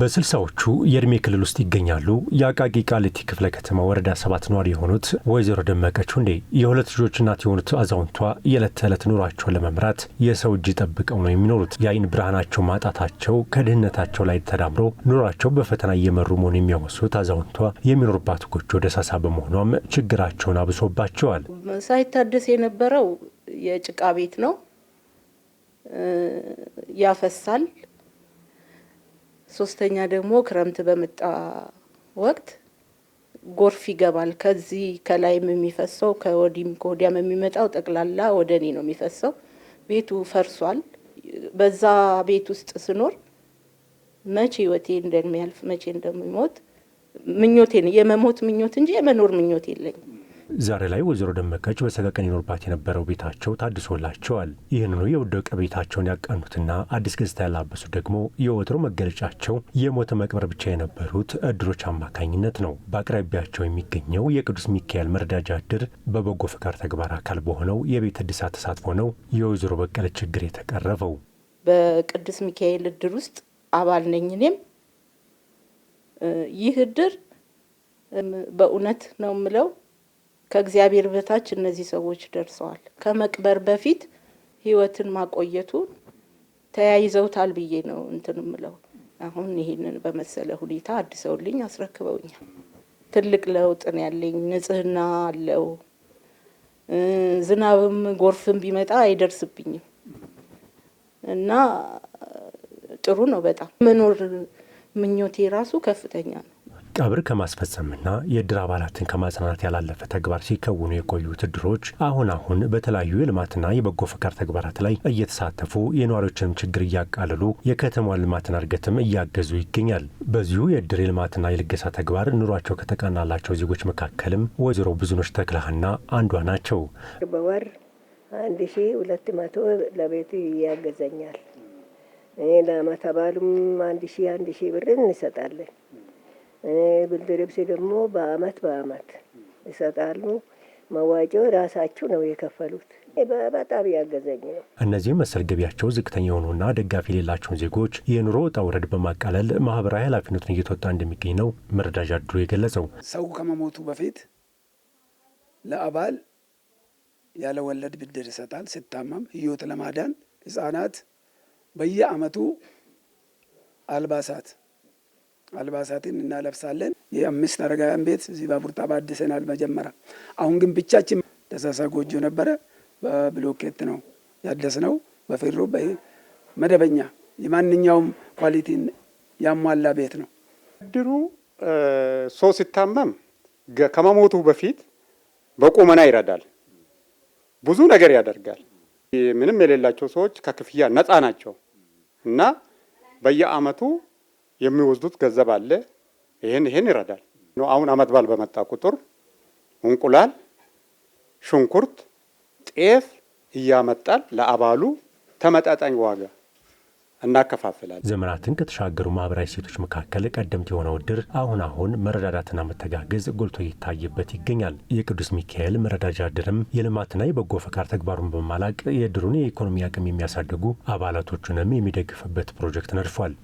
በስልሳዎቹ የእድሜ ክልል ውስጥ ይገኛሉ። የአቃቂ ቃሊቲ ክፍለ ከተማ ወረዳ ሰባት ነዋሪ የሆኑት ወይዘሮ ደመቀች ሁንዴ የሁለት ልጆች እናት የሆኑት አዛውንቷ የዕለት ተዕለት ኑሯቸውን ለመምራት የሰው እጅ ጠብቀው ነው የሚኖሩት። የአይን ብርሃናቸው ማጣታቸው ከድህነታቸው ላይ ተዳምሮ ኑሯቸው በፈተና እየመሩ መሆኑ የሚያወሱት አዛውንቷ የሚኖሩባት ጎጆ ደሳሳ በመሆኗም ችግራቸውን አብሶባቸዋል። ሳይታደስ የነበረው የጭቃ ቤት ነው። ያፈሳል ሶስተኛ ደግሞ ክረምት በመጣ ወቅት ጎርፍ ይገባል። ከዚህ ከላይም የሚፈሰው ከወዲም ከወዲያም የሚመጣው ጠቅላላ ወደ እኔ ነው የሚፈሰው። ቤቱ ፈርሷል። በዛ ቤት ውስጥ ስኖር መቼ ህይወቴ እንደሚያልፍ መቼ እንደሚሞት ምኞቴ የመሞት ምኞት እንጂ የመኖር ምኞት የለኝም። ዛሬ ላይ ወይዘሮ ደመቀች በሰቀቀን ይኖርባት የነበረው ቤታቸው ታድሶላቸዋል። ይህንኑ የወደቀ ቤታቸውን ያቀኑትና አዲስ ገጽታ ያላበሱት ደግሞ የወትሮ መገለጫቸው የሞተ መቅበር ብቻ የነበሩት እድሮች አማካኝነት ነው። በአቅራቢያቸው የሚገኘው የቅዱስ ሚካኤል መረዳጃ እድር በበጎ ፈቃድ ተግባር አካል በሆነው የቤት እድሳት ተሳትፎ ነው የወይዘሮ በቀለ ችግር የተቀረፈው። በቅዱስ ሚካኤል እድር ውስጥ አባል ነኝ እኔም። ይህ እድር በእውነት ነው የምለው ከእግዚአብሔር በታች እነዚህ ሰዎች ደርሰዋል። ከመቅበር በፊት ህይወትን ማቆየቱን ተያይዘውታል ብዬ ነው እንትን ምለው። አሁን ይህንን በመሰለ ሁኔታ አድሰውልኝ አስረክበውኛል። ትልቅ ለውጥ ነው ያለኝ። ንጽህና አለው። ዝናብም ጎርፍም ቢመጣ አይደርስብኝም እና ጥሩ ነው። በጣም መኖር ምኞቴ ራሱ ከፍተኛ ነው። ቀብር ከማስፈጸምና የእድር አባላትን ከማጽናናት ያላለፈ ተግባር ሲከውኑ የቆዩት እድሮች አሁን አሁን በተለያዩ የልማትና የበጎ ፈቃድ ተግባራት ላይ እየተሳተፉ የነዋሪዎችንም ችግር እያቃለሉ የከተማዋን ልማትና እድገትም እያገዙ ይገኛል። በዚሁ የእድር የልማትና የልገሳ ተግባር ኑሯቸው ከተቃናላቸው ዜጎች መካከልም ወይዘሮ ብዙኖች ተክለሃና አንዷ ናቸው። በወር አንድ ሺ ሁለት መቶ ለቤቱ ያገዘኛል። እኔ ለዓመተ በዓሉም አንድ ሺ አንድ ሺ ብር እንሰጣለን። ብልድርብስ ደግሞ በአመት በአመት ይሰጣሉ። መዋጮ ራሳቸው ነው የከፈሉት። በጣም ያገዘኝ ነው። እነዚህም መሰል ገቢያቸው ዝቅተኛ የሆኑና ደጋፊ የሌላቸውን ዜጎች የኑሮ ወጣ ውረድ በማቃለል ማህበራዊ ኃላፊነቱን እየተወጣ እንደሚገኝ ነው መረዳጃ ድሩ የገለጸው። ሰው ከመሞቱ በፊት ለአባል ያለ ወለድ ብድር ይሰጣል። ሲታመም ህይወት ለማዳን ህጻናት በየአመቱ አልባሳት አልባሳትን እናለብሳለን። የአምስት አረጋውያን ቤት እዚህ ባቡርታ ባድሰናል መጀመሪያ አሁን ግን ብቻችን ደሳሳ ጎጆ ነበረ፣ በብሎኬት ነው ያደስነው። በፌሮ መደበኛ የማንኛውም ኳሊቲን ያሟላ ቤት ነው። ድሩ ሰው ሲታመም ከመሞቱ በፊት በቁመና ይረዳል፣ ብዙ ነገር ያደርጋል። ምንም የሌላቸው ሰዎች ከክፍያ ነፃ ናቸው እና በየአመቱ የሚወስዱት ገንዘብ አለ። ይህን ይህን ይረዳል። አሁን አመት በዓል በመጣ ቁጥር እንቁላል፣ ሽንኩርት፣ ጤፍ እያመጣል ለአባሉ ተመጣጣኝ ዋጋ እናከፋፍላል። ዘመናትን ከተሻገሩ ማህበራዊ ሴቶች መካከል ቀደምት የሆነው እድር አሁን አሁን መረዳዳትና መተጋገዝ ጎልቶ ይታይበት ይገኛል። የቅዱስ ሚካኤል መረዳጃ እድርም የልማትና የበጎ ፈቃድ ተግባሩን በማላቅ የእድሩን የኢኮኖሚ አቅም የሚያሳድጉ አባላቶቹንም የሚደግፍበት ፕሮጀክት ነድፏል።